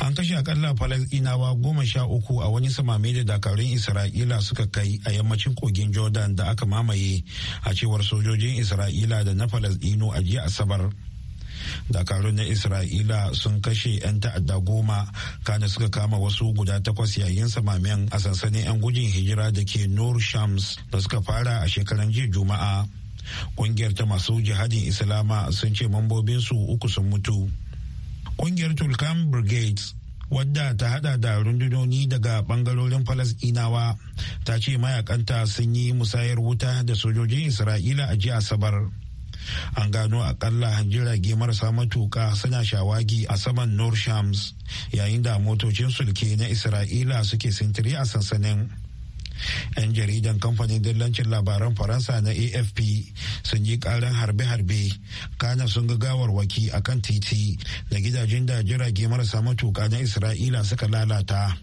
an kashe akalla falasɗinawa goma sha uku a wani samame da dakarun isra'ila suka kai a yammacin kogin jordan da aka mamaye a cewar sojojin isra'ila da na falasɗinu a jiya asabar dakarun na isra'ila sun kashe 'yan ta'adda goma kana suka kama wasu guda takwas yayin samamen a sansanin 'yan gujin hijira da ke nur shams da suka fara a shekaran jiya juma'a kungiyar ta masu jihadin islama sun ce mambobinsu uku sun mutu kungiyar tulkan brigades wadda ta hada da rundunoni daga bangarorin falasdinawa ta ce mayakanta sun yi musayar wuta da sojojin isra'ila a jiya asabar an gano akalla jirage marasa matuka suna shawagi a saman north shams yayin da motocin sulke na isra'ila suke sintiri a sansanin 'yan jaridan kamfanin dillancin labaran faransa na afp sun yi karin harbe-harbe kana sun ga gawarwaki a kan titi da gidajen da jirage marasa matuka na isra'ila suka lalata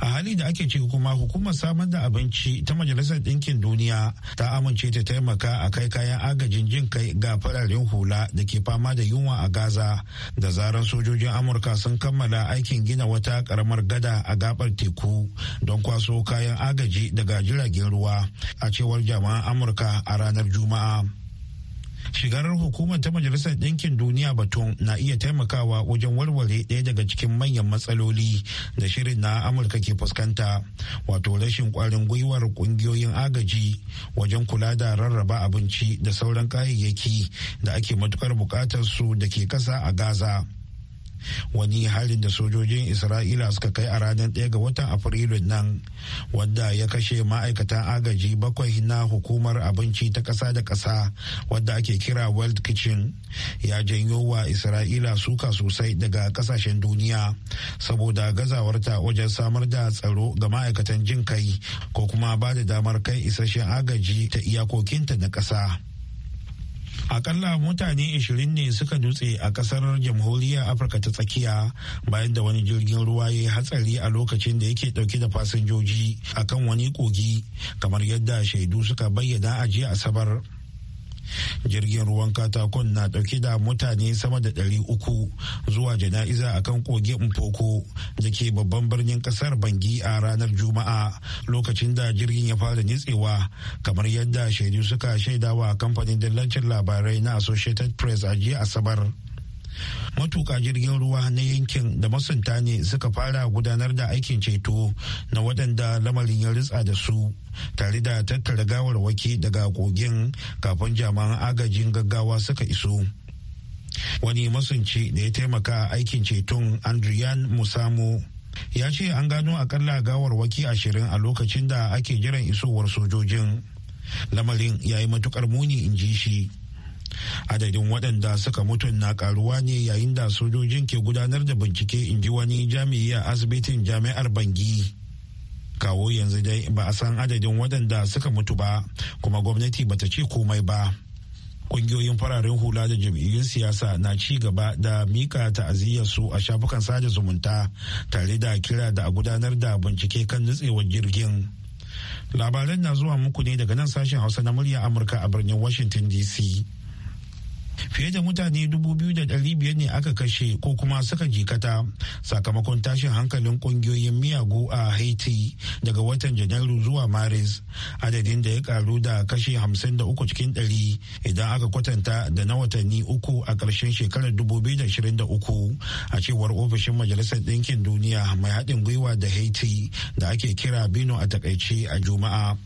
a hali da ake cewa kuma hukumar samar da abinci ta majalisar ɗinkin duniya ta amince ta taimaka a kai kayan agajin jin kai ga fararen hula da ke fama da yunwa a gaza da zaran sojojin amurka sun kammala aikin gina wata karamar gada a gabar teku don kwaso kayan agaji daga jiragen ruwa a cewar jama'an amurka a ranar juma'a shigar hukumar ta majalisar ɗinkin duniya batun na iya taimakawa wajen warware ɗaya daga cikin manyan matsaloli da shirin na amurka ke fuskanta wato rashin ƙwarin gwiwar ƙungiyoyin agaji wajen kula da rarraba abinci da sauran kayayyaki da ake matukar buƙatar su da ke ƙasa a gaza wani halin da sojojin isra'ila suka kai a ranar 1 ga watan afrilu nan wadda ya kashe ma'aikatan agaji bakwai na hukumar abinci ta kasa da kasa wadda ake kira world kitchen ya janyo wa isra'ila suka sosai daga kasashen duniya saboda gazawarta wajen samar da tsaro ga ma'aikatan jin kai ko kuma ba da damar kai isasshen agaji ta iyakokinta na ƙasa akalla mutane 20 ne suka dutse a kasar jamhuriyar afirka ta tsakiya bayan da wani jirgin ruwa ya yi hatsari a lokacin da yake dauke da fasinjoji akan wani kogi kamar yadda shaidu suka bayyana a jiya asabar jirgin ruwan katakon na dauke da mutane sama da ɗari uku zuwa jana'iza a kan koge mpoko da ke babban birnin kasar bangi a ranar juma'a lokacin da jirgin ya fara nitsewa kamar yadda shaidu suka shaidawa kamfanin dillancin labarai na associated press a jiya asabar matuƙa jirgin ruwa na yankin da masunta ne suka fara gudanar da aikin ceto na waɗanda lamarin ya ritsa da su tare da tattara gawarwaki daga kogin kafin jami'an agajin gaggawa suka iso wani masunci da ya taimaka aikin ceton andrian musamo ya ce an gano akalla gawarwaki ashirin a lokacin da ake jiran isowar sojojin lamarin ya yi matukar muni in ji shi adadin waɗanda suka mutu na karuwa ne yayin da sojojin ke gudanar da bincike in ji wani jami'i a asibitin jami'ar bangi kawo yanzu dai ba a san adadin waɗanda suka mutu ba kuma gwamnati bata ce komai ba Ƙungiyoyin fararen hula da jam'iyyun siyasa na ci gaba da mika su a shafukan sada zumunta tare da kira da a gudanar da bincike kan nutsewar jirgin labaran na zuwa muku ne daga nan sashen hausa na murya amurka a birnin washington dc fiye da mutane 2,500 ne aka kashe ko kuma suka jikata sakamakon tashin hankalin kungiyoyin miyagu a haiti daga watan janairu zuwa maris adadin da ya karu da kashe 53 cikin 100 idan aka kwatanta da na watanni uku a ƙarshen shekarar 2023 a cewar ofishin majalisar ɗinkin duniya mai haɗin gwiwa da haiti da ake kira bino a takaice a juma'a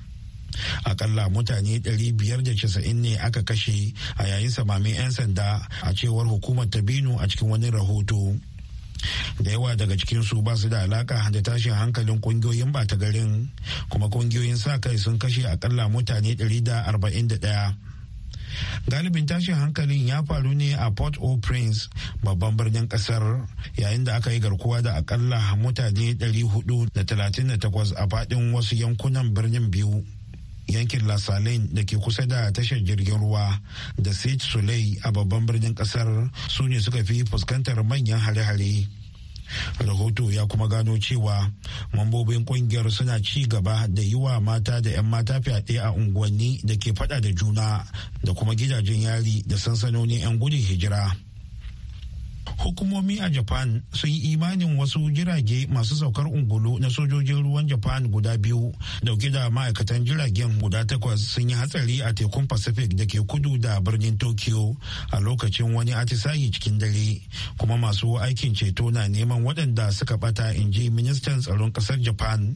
akalla mutane 590 ne aka kashe a yayin samamin 'yan sanda a cewar hukumar ta binu a cikin wani rahoto da yawa daga cikinsu ba su da alaka da tashin hankalin kungiyoyin bata garin kuma kungiyoyin sa kai sun kashe akalla mutane 141 galibin tashin hankalin ya faru ne a port au prince babban birnin kasar yayin da aka yi garkuwa da akalla mutane 438 a faɗin wasu yankunan birnin biyu yankin lasalin da ke kusa da tashar jirgin ruwa da sit sulai a babban birnin kasar su ne suka fi fuskantar manyan hare-hare rahoto ya kuma gano cewa mambobin kungiyar suna ci gaba da yi wa mata da 'yan mata fyaɗe a unguwanni da ke fada da juna da kuma gidajen yari da sansanonin 'yan gudun hijira hukumomi a japan sun yi imanin wasu jirage masu saukar ungulu na sojojin ruwan japan guda biyu dauke da ma'aikatan jiragen guda takwas sun yi hatsari a tekun pacific da ke kudu da birnin tokyo a lokacin wani atisayi cikin dare kuma masu aikin ceto na neman waɗanda suka bata in ji ministan tsaron ƙasar japan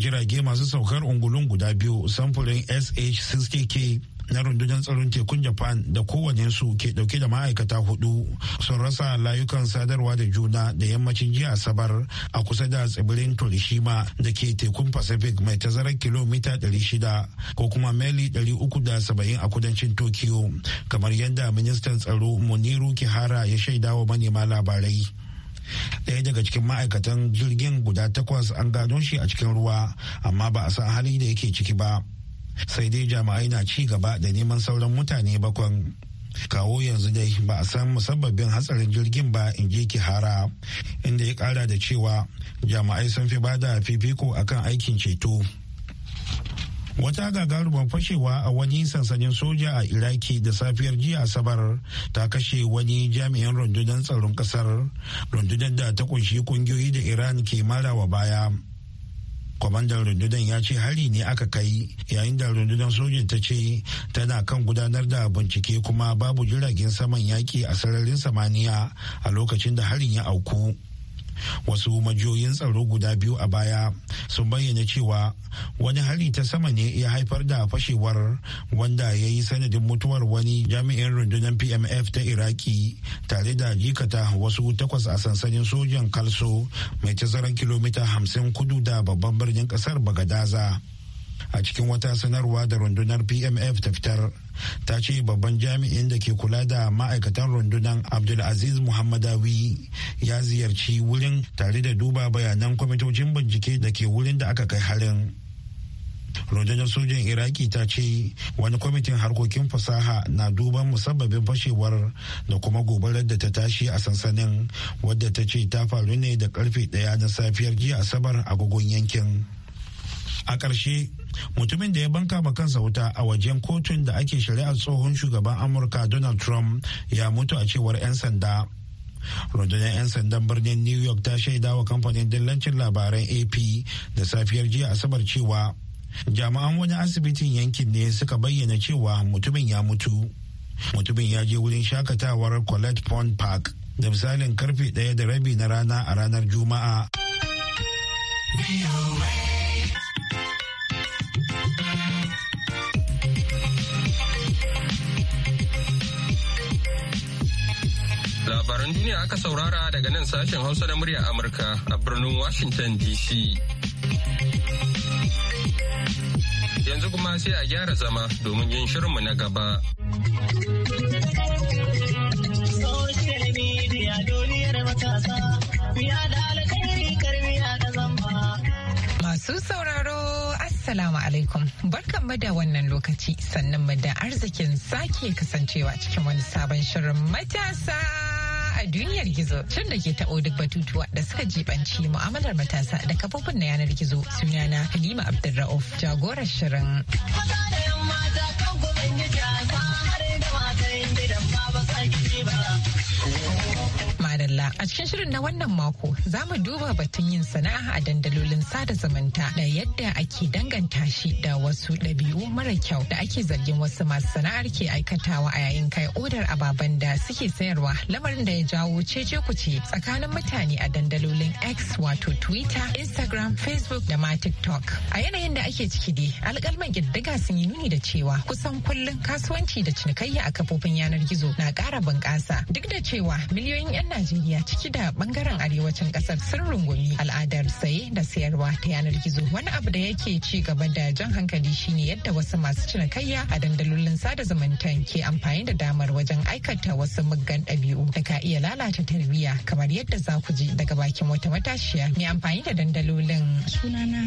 jirage masu saukar ungulun guda biyu samfurin sh 60k na rundunar tsaron tekun japan da kowane su ke dauke da ma'aikata hudu sun rasa layukan sadarwa da juna da yammacin jiya asabar a kusa da tsibirin torishima da ke tekun pacific mai tazarar kilomita 600 ko kuma meli 370 a kudancin tokyo kamar yadda ministan tsaro muniru kihara ya shaidawa manema labarai daya daga cikin ma'aikatan jirgin guda takwas an gano shi a cikin ruwa amma ba a san hali da yake ciki ba sai dai jama'ai na ci gaba da neman sauran mutane bakwai. kawo yanzu dai ba a san musabbabin hatsarin jirgin ba in ji hara. inda ya kara da cewa jama'ai sun fi bada fifiko akan aikin ceto wata gagarumar fashewa a wani sansanin soja a iraki da safiyar jiya asabar ta kashe wani jami'in rundunar tsaron kasar rundunar da ta kunshi kungiyoyi da iran ke mara wa baya kwamandan rundunar ya ce hari ne aka kai yayin da rundunar sojin ta ce tana kan gudanar da bincike kuma babu jiragen saman yaƙi a sararin samaniya a lokacin da harin ya auku wasu majiyoyin tsaro guda biyu a baya sun bayyana cewa wani hali ta sama ne ya haifar da fashewar wanda ya yi sanadin mutuwar wani jami'in rundunar pmf ta iraki tare da jikata wasu takwas a sansanin sojan kalso mai tazarar kilomita hamsin kudu da babban birnin kasar bagadaza a cikin wata sanarwa da rundunar pmf ta fitar ta ce babban jami'in da ke kula da ma'aikatan rundunar abdulaziz muhammadawi ya ziyarci wurin tare da duba bayanan kwamitocin bincike da ke wurin da aka kai harin rundunar sojan iraki ta ce wani kwamitin harkokin fasaha na duban musabbabin fashewar da kuma gobarar da ta tashi a sansanin wadda ta ce ta faru ne da karfe daya na safiyar jiya asabar agogon yankin a ƙarshe mutumin da ya banka ma kansa wuta a wajen kotun da ake shari'ar tsohon shugaban amurka donald trump ya mutu a cewar 'yan sanda rundunar 'yan sandan birnin new york ta shaida wa kamfanin dillancin labaran ap da safiyar jiya asabar cewa jami'an wani asibitin yankin ne suka bayyana cewa mutumin ya mutu mutumin ya je wurin shakatawar colette pond park da misalin karfe ɗaya da rabi na rana a ranar juma'a. labaran duniya aka saurara daga nan sashen Hausa na murya Amurka a birnin Washington DC. Yanzu kuma sai a gyara zama domin yin shirinmu na gaba. Masu sauraro Assalamu alaikum barkan da wannan lokaci sannan da arzikin sake kasancewa cikin wani sabon shirin matasa. a duniyar gizo tun da ke taɓo duk batutuwa da suka jibanci mu'amalar matasa da kafofin na yanar gizo sunana Halima Abdulra'uf jagorar shirin. A cikin shirin na wannan mako za mu duba batun yin sana'a a dandalolin sada zumunta da yadda ake danganta shi da wasu ɗabi'u mara kyau da ake zargin wasu masu sana'ar ke aikatawa a yayin kai odar ababen da suke sayarwa lamarin da ya jawo cece kuce tsakanin mutane a dandalolin X wato Twitter, Instagram, Facebook da ma TikTok. A yanayin da ake ciki dai alƙalman giddiga sun yi nuni da cewa kusan kullum kasuwanci da cinikayya a kafofin yanar gizo na ƙara bunƙasa duk da cewa miliyoyin 'yan Najeriya ya ciki da bangaren arewacin kasar sun rungumi al'adar saye da sayarwa ta yanar gizo wani abu da yake ci gaba da jan hankali shine yadda wasu masu cinikayya a dandalolin sada zumunta ke amfani da damar wajen aikata wasu muggan ɗabi'u da ka iya lalata tarbiyya kamar yadda za ku ji daga bakin wata matashiya mai amfani da dandalolin. Sunana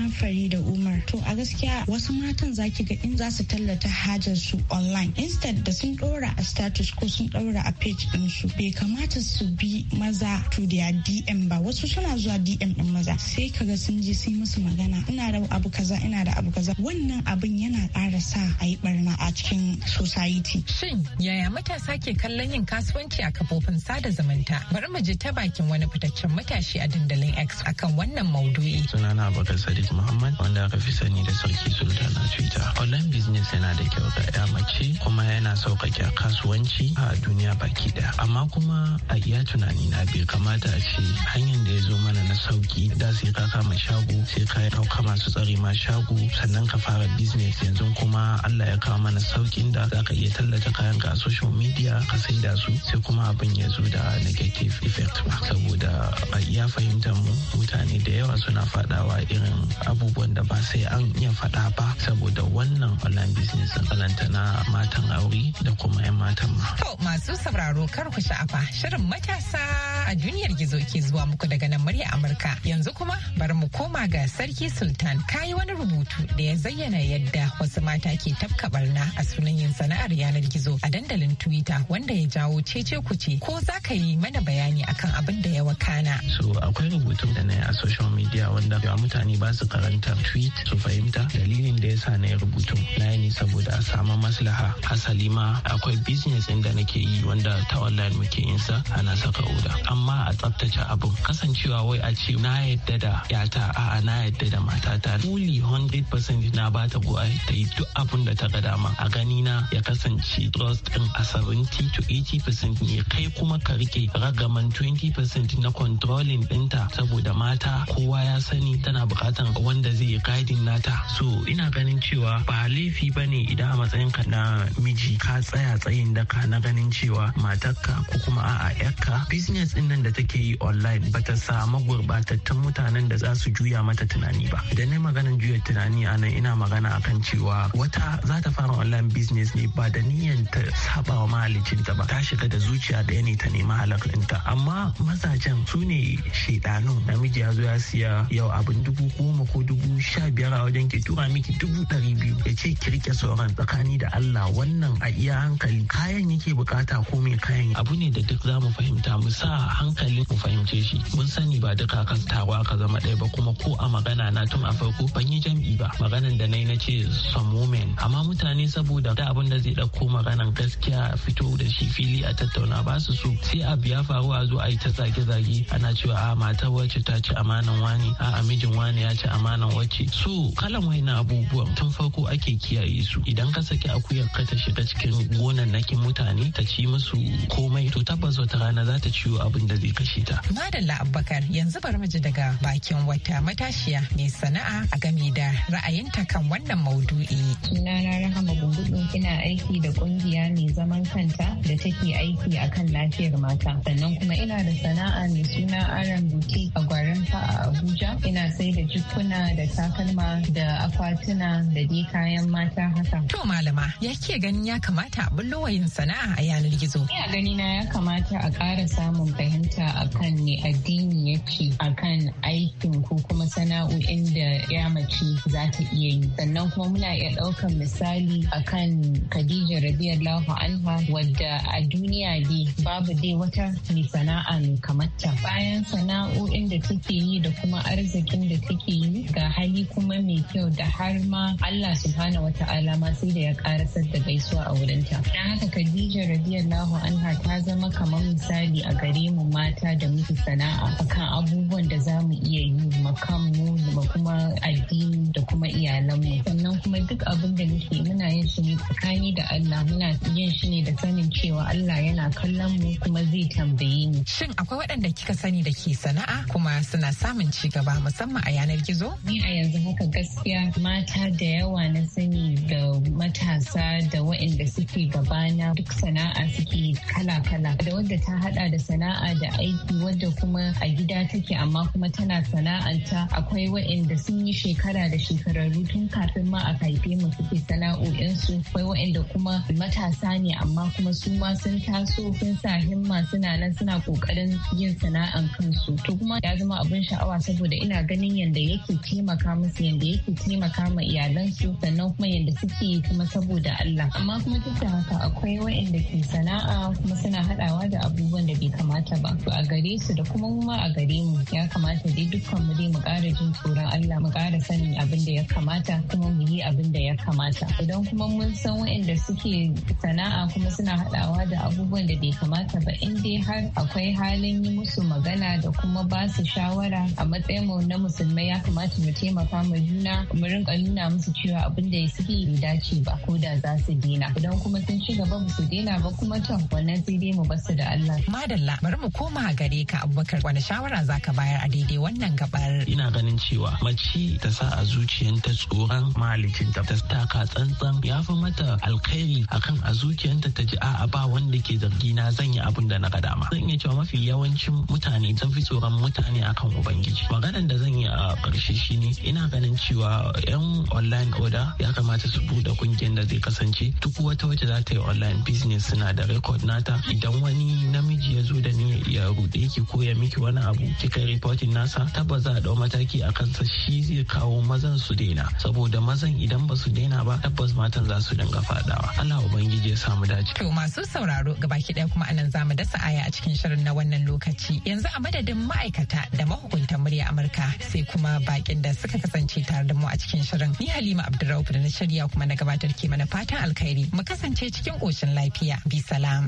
da Umar. To a gaskiya wasu matan zaki ga in za su tallata hajar su online instead da sun ɗora a status ko sun ɗora a page ɗinsu bai kamata su bi maza maza to their DM ba wasu suna zuwa DM din maza sai kaga sun je sun musu magana ina da abu kaza ina da abu kaza wannan abin yana ƙara sa a yi barna a cikin society. Shin yaya matasa ke kallon yin kasuwanci a kafofin sada zumunta? Bari mu ji ta bakin wani fitaccen matashi a dandalin X akan wannan maudu'i. Sunana Abubakar Sadiq Muhammad wanda aka fi sani da Sarki Sultan a Twitter. Online business yana da kyau ga ya mace kuma yana sauƙaƙe kasuwanci a duniya baki ɗaya. Amma kuma a iya tunani na bai kamata a ce hanyar da ya zo mana na sauki da sai ka kama shago sai ka dauka masu tsare ma shago sannan ka fara business yanzu kuma Allah ya kawo mana saukin da za ka iya tallata kayan ka a social media ka sai da su sai kuma abin ya zo da negative effect ba saboda a iya fahimtar mu mutane da yawa suna fadawa irin abubuwan da ba sai an iya faɗa ba saboda wannan online business kalanta na matan aure da kuma 'yan matan ma. To masu sauraro kar ku sha'afa shirin matasa a duniyar gizo ke zuwa muku daga nan murya Amurka. Yanzu kuma bari mu koma ga Sarki Sultan kayi wani rubutu da ya zayyana yadda wasu mata ke tafka barna a sunan yin sana'ar yanar gizo a dandalin Twitter wanda ya jawo cece kuce ko za ka yi mana bayani akan abin da ya wakana. So akwai rubutu da na yi a social media wanda yawa mutane ba su karanta tweet su fahimta dalilin da ya sa na yi rubutu na ne saboda a samu maslaha asali ma akwai business inda da nake yi wanda ta online muke yin sa ana saka oda amma a tsabtace abun. kasancewa wai a ce na yadda da yata a'a na yadda da matata fully 100% na ba ta ta yi duk abun da ta ga dama a gani na ya kasance trust din a 70 to 80% ne kai kuma ka rike ragaman 20% na controlling dinta saboda mata kowa ya sani tana bukatan wanda zai yi guiding nata so ina ganin cewa ba laifi ba ne idan a matsayin ka na miji ka tsaya tsayin daka na ganin cewa matarka ko kuma a'a yarka business din nan da take yi online ba ta samu gurbatattun mutanen da za su juya mata tunani ba idan ne maganan juya tunani a nan ina magana a kan cewa wata za ta fara online business ne ba da niyyar ta saba wa mahalicinta ba ta shiga da zuciya da ne ta nemi halakinta amma mazajen su ne shaidanun namiji ya zo ya siya yau abin dubu goma ko dubu sha biyar a wajen ke tura miki dubu ɗari biyu ya ce kirke sauran tsakani da Allah wannan a iya hankali kayan yake bukata ko mai kayan abu ne da duk za mu fahimta mu sa hankali ku fahimce shi mun sani ba duka kan tawa ka zama ɗaya ba kuma ko a magana na tun a farko ban yi jam'i ba maganan da na yi na ce some women amma mutane saboda da abin da zai ɗauko maganan gaskiya fito da shi fili a tattauna ba su so sai abu ya faru a zo a yi ta zage-zage ana cewa a ah, matar wacce ta ci amanan wani a ah, mijin wani ya ci amanan wacce so kalan wai na abubuwan tun farko ake kiyaye su idan ka saki akuyar ka ta shiga cikin gonan nakin mutane ta ci musu komai to tabbas wata rana za ta ciwo abu abin da zai kashe ta. Madalla Abubakar yanzu bar mu ji daga bakin wata matashiya mai sana'a a game da ra'ayinta kan wannan maudu'i. Sunana Rahama Gumbudu ina aiki da kungiya mai zaman kanta da take aiki akan lafiyar mata. Sannan kuma ina da sana'a mai suna Aran Buki a gwarin a Abuja. Ina sai da jikuna da takalma da akwatuna da dai kayan mata haka. To malama ya ke ganin ya kamata a bullo sana'a a yanar gizo. Ina ganina ya kamata a ƙara samun fahimta akan ne addini yake akan aikin ko kuma sana'o'in da ya mace za ta iya yi sannan kuma muna iya ɗaukan misali akan khadija radiyallahu anha wadda a duniya dai babu dai wata mai sana'a mai kamata bayan sana'o'in da take yi da kuma arzikin da take yi ga hali kuma mai kyau da har ma Allah subhanahu Wata ma sai da ya karasar da gaisuwa a wurinta. don haka Khadija radiyallahu anha ta zama kamar misali a gare gare mu mata da muke sana'a akan abubuwan da za mu iya yi makanmu da kuma addini da kuma iyalanmu sannan kuma duk abin da muke muna yin shi ne tsakani da Allah muna yin shi ne da sanin cewa Allah yana kallon mu kuma zai tambaye ni shin akwai waɗanda kika sani da ke sana'a kuma suna samun ci gaba musamman a yanar gizo ni a yanzu haka gaskiya mata da yawa na sani da matasa da waɗanda suke gabana duk sana'a suke kala-kala da wadda ta hada da sana'a sana'a da aiki wadda kuma a gida take amma kuma tana sana'anta akwai wa'inda sun yi shekara da shekararru tun kafin ma a haife mu suke sana'o'insu akwai wa'inda kuma matasa ne amma kuma su ma sun taso sun sa himma suna nan suna kokarin yin sana'an kansu to kuma ya zama abin sha'awa saboda ina ganin yadda yake taimaka musu yadda yake taimaka ma iyalansu sannan kuma yadda suke kuma saboda Allah amma kuma duk da haka akwai wa'inda ke sana'a kuma suna haɗawa da abubuwan da bai kamata kamata ba a gare su da kuma mu a gare mu ya kamata dai dukkan mu dai mu ƙara jin tsoron Allah mu ƙara sanin abin da ya kamata kuma mu yi abin da ya kamata idan kuma mun san waɗanda suke sana'a kuma suna haɗawa da abubuwan da bai kamata ba in dai har akwai halin yi musu magana da kuma ba su shawara a matsayin mu na musulmai ya kamata mu taimaka mu juna mu rinka nuna musu cewa abin da suke bai dace ba ko da za su dena idan kuma sun ci gaba ba su dina ba kuma to wannan sai dai mu basu da Allah madalla bari bari mu koma gare ka abubakar wani shawara za ka bayar a daidai wannan gabar ina ganin cewa mace ta sa a zuciyanta tsoron malikinta. ta taka tsantsan ya fi mata alkhairi akan a zuciyanta ta ji a'a ba wanda ke zargi na zan yi abin da na ga dama zan iya cewa mafi yawancin mutane sun fi tsoron mutane akan ubangiji maganar da zan yi a shi shine ina ganin cewa yan online order ya kamata su buɗe kungiyar da zai kasance duk wata wacce za ta yi online business suna da record nata idan wani namiji ya zo da ni ya yaro da ko koya miki wani abu kika reportin nasa tabbas za a dau mataki a kansa shi zai kawo mazan su daina saboda mazan idan ba su daina ba tabbas matan za su dinga fadawa Allah ubangiji ya samu dace to masu sauraro gabaki daya kuma anan zamu dasa aya a cikin shirin na wannan lokaci yanzu a madadin ma'aikata da mahukuntan murya Amurka sai kuma bakin da suka kasance tare da mu a cikin shirin ni Halima Abdurrauf da na shirya kuma na gabatar ke mana fatan alkhairi mu kasance cikin koshin lafiya bi salam.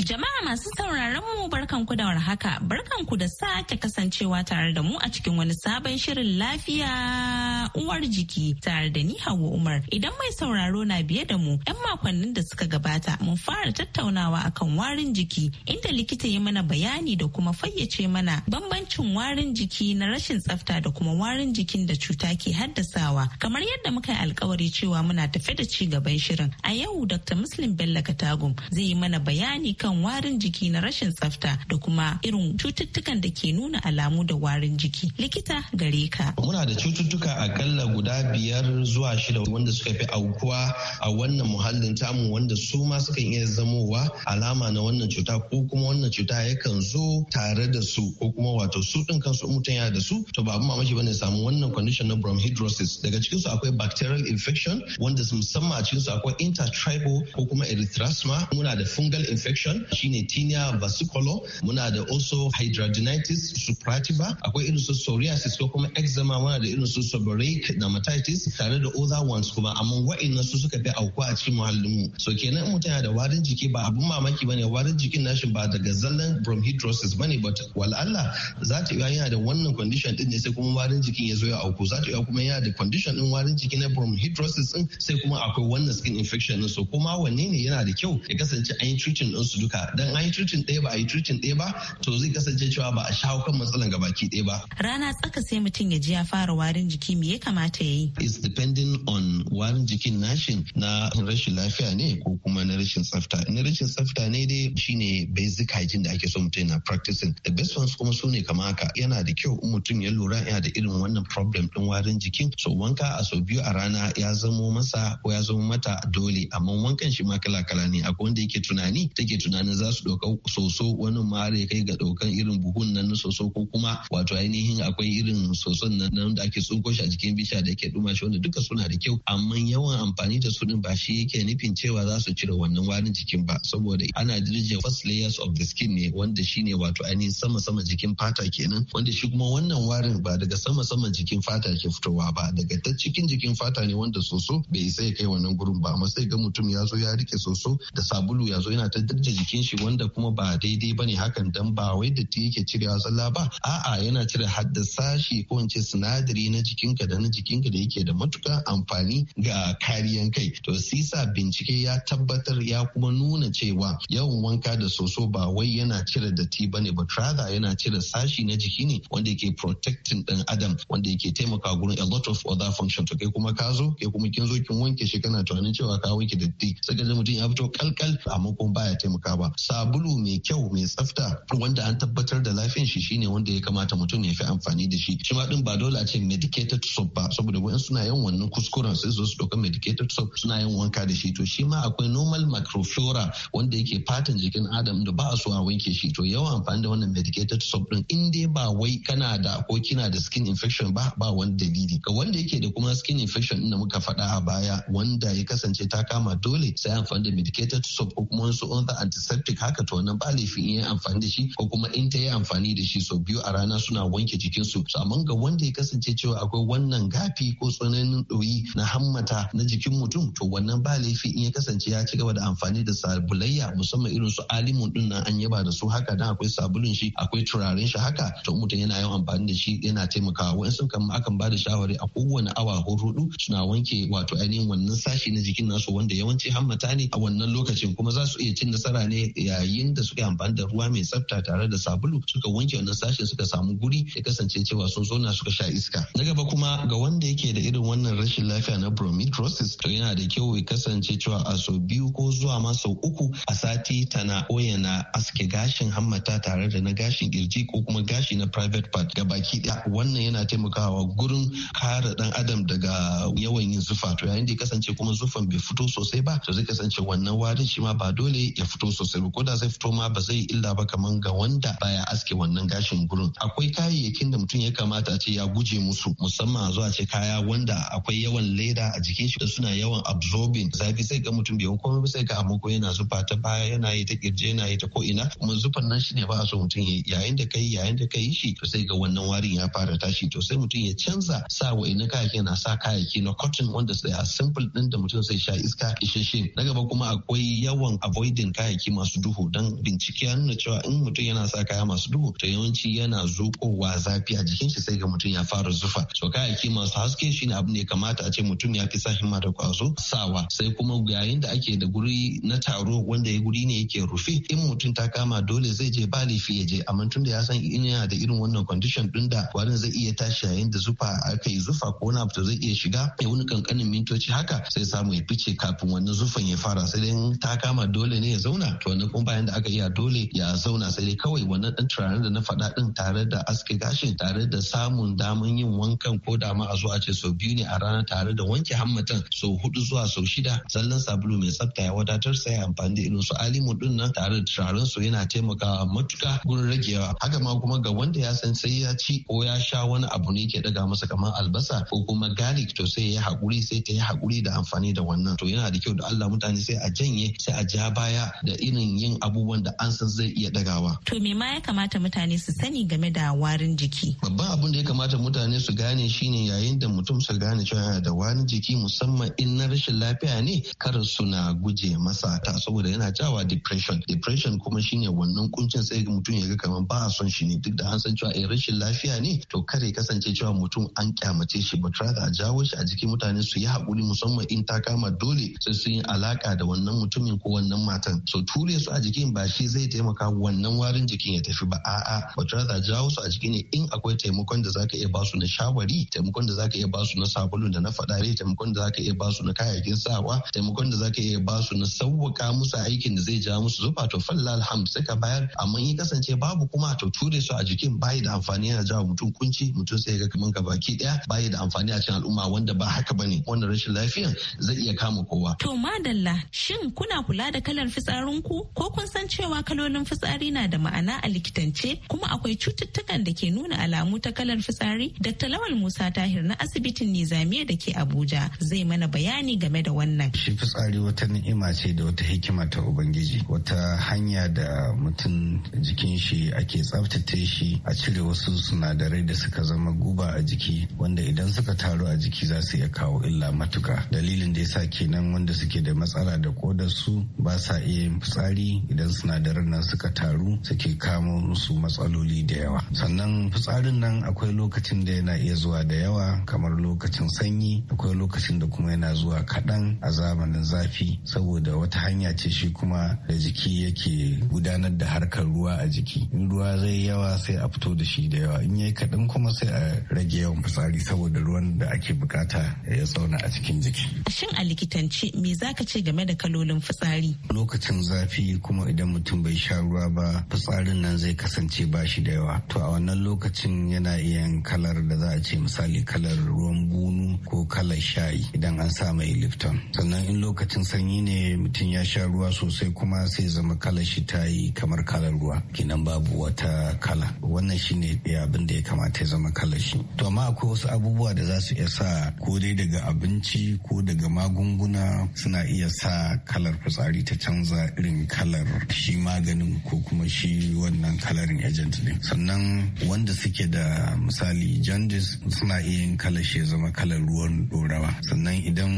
Jama'a masu sauraron mu barkanku da warhaka, barkanku da sake kasancewa tare da mu a cikin wani sabon shirin lafiya uwar jiki tare da ni Hauwa Umar. Idan mai sauraro na biye da mu, 'yan makonnin da suka gabata mun fara tattaunawa akan warin jiki inda likita ya mana bayani da kuma fayyace mana bambancin warin jiki na rashin tsafta da kuma warin jikin da cuta ke haddasawa. Kamar yadda muka yi alkawari cewa muna tafe da ci gaban shirin. A yau Dr. Muslim Bello Katagum zai yi mana bayani kan kan warin jiki na rashin tsafta da kuma irin cututtukan da ke nuna alamu da warin jiki likita gare ka muna da cututtuka akalla guda biyar zuwa shida wanda suka fi aukuwa a wannan muhallin tamu wanda su ma sukan iya zamowa alama na wannan cuta ko kuma wannan cuta yakan zo tare da su ko kuma wato su din kansu mutum yana da su to ba mamaki bane samu wannan condition na bronchidrosis daga cikin su akwai bacterial infection wanda musamman a cikin su akwai intertribal ko kuma erythrasma muna da fungal infection infection shine tinea vesicolor muna da also hidradenitis suprativa akwai irin su psoriasis ko kuma eczema muna da irin su seborrheic dermatitis tare da other ones kuma amma wa'annan su suka fi auku a cikin muhallin mu so kenan mutum yana da warin jiki ba abun mamaki bane warin jikin nashi ba daga zallan bronchitis bane but wal Allah za ta iya yana da wannan condition din ne sai kuma warin jikin ya zo ya auku za ta iya kuma yana da condition din warin jiki na bronchitis din sai kuma akwai wannan skin infection din so kuma wanne ne yana da kyau ya kasance an yi treating din su duka dan an yi cucin ɗaya ba a yi cucin ɗaya ba to zai kasance cewa ba a shawo kan matsalan baki ɗaya ba rana tsaka sai mutum ya ji ya fara warin jiki me ya kamata ya yi is depending on warin jikin nashin na rashin lafiya ne ko kuma na rashin tsafta na rashin tsafta ne dai shine basic hygiene da ake so mutum na practicing the best ones kuma su ne kamar haka yana da kyau in mutum ya lura yana da irin wannan problem din warin jikin so wanka a sau biyu a rana ya zamo masa ko ya zamo mata dole amma wankan shi ma kala kala ne akwai wanda yake tunani take tunani tunanin za su ɗauka soso wani ma har ya kai ga ɗaukan irin buhun nan na soso ko kuma wato ainihin akwai irin soson nan da ake tsunko shi a jikin bisha da yake duma shi wanda duka suna da kyau amma yawan amfani da su din ba shi yake nufin cewa za su cire wannan warin jikin ba saboda ana dirje first layers of the skin ne wanda shine wato ainihin sama sama jikin fata kenan wanda shi kuma wannan warin ba daga sama sama jikin fata ke fitowa ba daga ta cikin jikin fata ne wanda soso bai sai ya kai wannan gurin ba amma sai ga mutum ya zo ya rike soso da sabulu ya zo yana ta dirje jikin shi wanda kuma ba daidai ba ne hakan dan ba wai datti yake a tsalla ba a'a yana cire haddasa shi ko in ce sinadari na jikinka da na jikinka da yake da matukar amfani ga kariyan kai to sisa bincike ya tabbatar ya kuma nuna cewa yawan wanka da soso ba wai yana cire datti ba ne but rather yana cire sashi na jiki ne wanda yake protecting dan adam wanda yake taimaka gurin a lot of other functions to kai kuma ka zo kai kuma kin zo kin wanke shi kana tunanin cewa ka wanke datti sai ga mutum ya fito kalkal amma kuma baya taimaka shakka ba sabulu mai kyau mai tsafta wanda an tabbatar da lafiyan shi shine wanda ya kamata mutum ya fi amfani da shi shima ma din ba dole a ce medicated soap ba saboda wayan suna yin wannan kuskuren sai su dauka medicated soap suna yin wanka da shi to shi ma akwai normal microflora wanda yake fatan jikin adam da ba a so a wanke shi to yawan amfani da wannan medicated soap din in dai ba wai kana da ko kina da skin infection ba ba wani dalili ga wanda yake da kuma skin infection din da muka faɗa a baya wanda ya kasance ta kama dole sai amfani da medicated soap ko kuma wasu other anti antiseptic haka to wannan ba laifi in yi amfani da shi ko kuma in ta yi amfani da shi sau biyu a rana suna wanke jikin su amma ga wanda ya kasance cewa akwai wannan gafi ko tsananin ɗoyi na hammata na jikin mutum to wannan ba laifi in ya kasance ya ci gaba da amfani da sabulayya musamman irin su alimun din nan an yaba da su haka dan akwai sabulun shi akwai turaren shi haka to mutum yana yawan amfani da shi yana taimakawa sun kan akan ba da shawari a kowane awa hudu suna wanke wato ainihin wannan sashi na jikin nasu wanda yawanci hammata ne a wannan lokacin kuma za su iya cin nasara mutane yayin da suka yi amfani da ruwa mai tsafta tare da sabulu suka wanke wannan sashen suka samu guri ya kasance cewa sun zauna suka sha iska na gaba kuma ga wanda yake da irin wannan rashin lafiya na bromidrosis to yana da kyau ya kasance cewa a sau biyu ko zuwa ma sau uku a sati tana oyana aske gashin hammata tare da na gashin kirji ko kuma gashi na private part ga baki daya wannan yana taimakawa gurin kare dan adam daga yawan yin zufa to yayin da ya kasance kuma zufan bai fito sosai ba to zai kasance wannan warin shi ma ba dole ya fito sosai sosai ko da zai fito ma ba zai illa ba kaman ga wanda baya aske wannan gashin gurin akwai kayayyakin da mutum ya kamata a ce ya guje musu musamman a zuwa ce kaya wanda akwai yawan leda a jikin shi da suna yawan absorbing zafi sai ga mutum bai komai ba sai ga ko yana zufa ta baya yana yi ta kirje yana yi ta ko ina kuma zufan nan ne ba a so mutum ya yayin da kai yayin da kai shi to sai ga wannan warin ya fara tashi to sai mutum ya canza sa wa'annan kayayyakin na sa kayayyaki na cotton wanda sai a simple din da mutum sai sha iska isheshe na gaba kuma akwai yawan avoiding kayayyaki kayaki masu duhu don bincike ya nuna cewa in mutum yana sa kaya masu duhu to yawanci yana zokowa zafi a jikin shi sai ga mutum ya fara zufa so kayaki masu haske shi ne abu ne kamata a ce mutum ya fi sa himma da kwazo sawa sai kuma yayin da ake da guri na taro wanda ya guri ne yake rufe in mutum ta kama dole zai je ba laifi ya je amma tun da ya san in yana da irin wannan condition din da wani zai iya tashi yayin da zufa aka yi zufa ko wani abu zai iya shiga ya wani kankanin mintoci haka sai samu ya fice kafin wannan zufan ya fara sai dai ta kama dole ne ya zauna to wannan kuma bayan da aka iya dole ya zauna sai dai kawai wannan dan turaren da na faɗa din tare da aske gashin tare da samun daman yin wankan ko da ma a zo ce sau biyu ne a rana tare da wanke hammatan sau hudu zuwa sau shida zallan sabulu mai tsafta ya wadatar sai amfani da irin su alimu din nan tare da turaren su yana taimakawa matuka gurin ragewa haka ma kuma ga wanda ya san sai ya ci ko ya sha wani abu ne ke daga masa kamar albasa ko kuma garlic to sai ya haƙuri sai ta yi haƙuri da amfani da wannan to yana da kyau da Allah mutane sai a janye sai a ja baya da irin yin abubuwan da an san zai iya dagawa. To me ma ya kamata mutane su sani game da warin jiki? Babban abin da ya kamata mutane su gane shine yayin da mutum su gane cewa yana da warin jiki musamman in na rashin lafiya ne kar na guje masa ta saboda yana jawa depression. Depression kuma shine wannan kuncin sai mutum ya ga kamar ba a son shi ne duk da an san cewa in eh, rashin lafiya ne to kare kasance cewa mutum an kyamace shi ba a jawo shi a jikin mutane su yi haƙuri musamman in ta kama dole sai su yi alaka da wannan mutumin ko wannan matan. So ture su a jikin ba shi zai taimaka wannan warin jikin ya tafi ba a'a wato za jawo su a jiki ne in akwai taimakon da zaka iya basu na shawari taimakon da zaka iya basu na sabulu da na fadare taimakon da zaka iya basu na kayayyakin sawa taimakon da zaka iya basu na sauwaka musu aikin da zai ja musu zufa to falla alhamdu sai bayar amma in kasance babu kuma to ture su a jikin bayi da amfani yana jawo mutum kunci mutum sai ga kaman baki daya bayi da amfani a cikin al'umma wanda ba haka bane wannan rashin lafiyan zai iya kama kowa to madalla shin kuna kula da kalar fitsarin ku ko kun san cewa kalolin fitsari na da ma'ana a likitance kuma akwai cututtukan da ke nuna alamu ta kalar fitsari? Dr. Lawal Musa Tahir na asibitin Nizamiya da ke Abuja zai mana bayani game da wannan. Shi fitsari wata ni'ima ce da wata hikima ta Ubangiji, wata hanya da mutum jikin shi ake tsaftace shi a cire wasu sinadarai da suka zama guba a jiki wanda idan suka taru a jiki za su iya kawo illa matuka. Dalilin da yasa kenan wanda suke da matsala da kodar su ba sa iya yin fitsari idan sinadaran nan suka taru suke kamo musu matsaloli da yawa sannan fitsarin nan akwai lokacin da yana iya zuwa da yawa kamar lokacin sanyi akwai lokacin da kuma yana zuwa kaɗan a zamanin zafi saboda wata hanya ce shi kuma da jiki yake gudanar da harkar ruwa a jiki in ruwa zai yawa sai a fito da shi da yawa in yayi kaɗan kuma sai a rage yawan fitsari saboda ruwan da ake bukata ya zauna a cikin jiki shin a likitance me zaka ce game da kalolin fitsari lokacin zafi zafi kuma idan mutum bai sha ruwa ba fitsarin nan zai kasance ba shi da yawa to a wannan lokacin yana iya kalar da za a ce misali kalar ruwan bunu ko kalar shayi idan an sa mai lifton sannan in lokacin sanyi ne mutum ya sha ruwa sosai kuma sai zama kalar shi ta yi kamar kalar ruwa kenan babu wata kala wannan shine abin da ya kamata ya zama kalar shi to amma akwai wasu abubuwa da za su iya sa ko dai daga abinci ko daga magunguna suna iya sa kalar fitsari ta canza irin irin kalar shi maganin ko kuma shi wannan kalarin agent ne sannan wanda suke da misali jaundice suna iya yin kalar shi zama kalar ruwan dorawa sannan idan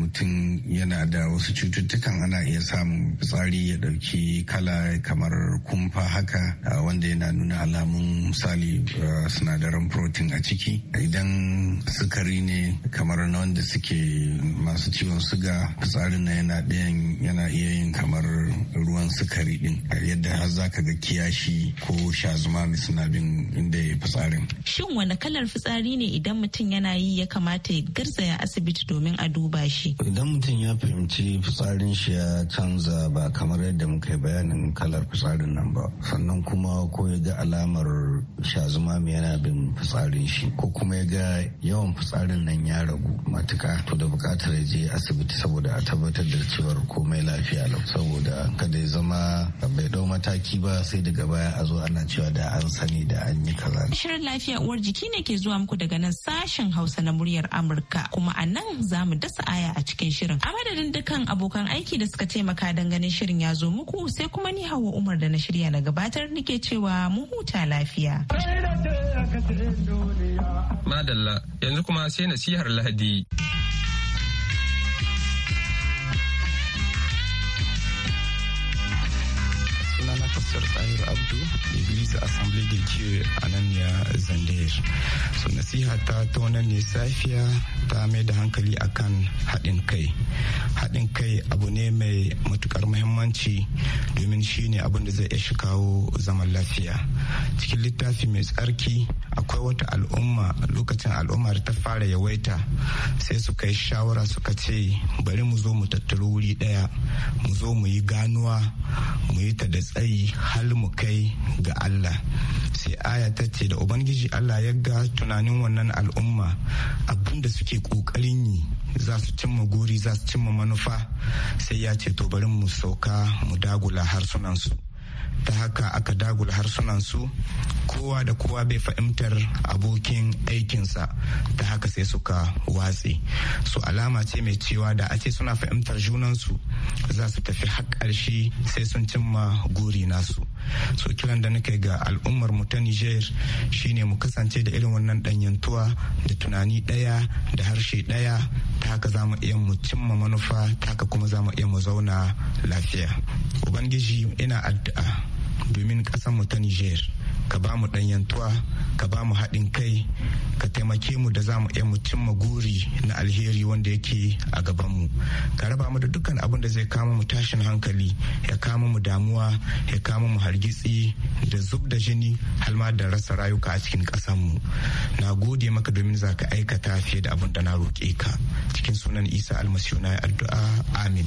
mutum yana da wasu cututtukan ana iya samun fitsari ya dauki kala kamar kumfa haka wanda yana nuna alamun misali sinadaran protein a ciki idan sukari ne kamar na wanda suke masu ciwon suga fitsarin na yana yana iya yin kamar ruwan sukari din yadda har za ka ga kiyashi ko shazuma suna bin inda ya fitsarin. Shin wani kalar fitsari ne idan mutum yana yi ya kamata ya garzaya asibiti domin a duba shi? Idan mutum ya fahimci fitsarin shi ya canza ba kamar yadda muka yi bayanin kalar fitsarin nan ba. Sannan kuma ko ya ga alamar shazuma yana bin fitsarin shi ko kuma ya ga yawan fitsarin nan ya ragu matuka to da bukatar ya je asibiti saboda a tabbatar da cewar komai lafiya lau saboda kada ya zama bai dau mataki ba sai daga baya a zo ana cewa da an sani da an yi kaza. Shirin lafiya uwar jiki ne ke zuwa muku daga nan sashen Hausa na muryar Amurka kuma a nan za mu dasa aya a cikin shirin. A madadin dukkan abokan aiki da suka taimaka don ganin shirin ya zo muku sai kuma ni Hauwa Umar da na shirya na gabatar nake cewa mu huta lafiya. Madalla yanzu kuma sai nasihar Lahadi. abdu iblis assemblée da ke a Zander nasiha ta ta ne safiya ta mai da hankali akan haɗin kai haɗin kai abu ne mai matukar muhimmanci domin shine abin da zai iya shi kawo zaman lafiya cikin littafi mai tsarki akwai wata al'umma lokacin al'ummar ta fara yawaita sai suka yi shawara suka ce bari mu zo mu tattaro wuri ɗaya mu zo mu yi ganuwa mu yi ta da tsayi hal mu kai ga Allah sai aya ta ce da ubangiji Allah ya ga tunanin wannan al'umma abinda suke ƙoƙarin yi za su cimma guri za su cimma manufa sai ya ce to bari mu sauka mu dagula harsunansu ta haka aka dagula harsunansu kowa da kowa bai fahimtar abokin aikinsa ta haka sai suka watse su alama ce mai cewa da ake suna fahimtar junansu za su tafi har ƙarshe sai sun cimma guri nasu so kiran da nake ga al'ummar mu ta niger shine mu kasance da irin wannan ɗanyantuwa da tunani ɗaya da harshe ɗaya ta haka za mu iya mu cimma manufa ta haka kuma za mu iya mu zauna lafiya ubangiji ina addu'a domin ƙasar mu ta niger ka ba mu ɗanyantuwa ka ba mu haɗin kai ka taimake mu da za mu iya mu cimma guri na alheri wanda yake a gabanmu ka raba mu da dukkan abin da zai kama mu tashin hankali ya kama mu damuwa ya kama mu hargitsi da zub da jini har ma da rasa rayuka a cikin mu na gode maka domin za ka aikata fiye da abin da na roƙe ka cikin sunan isa almasiyu na addu'a amin.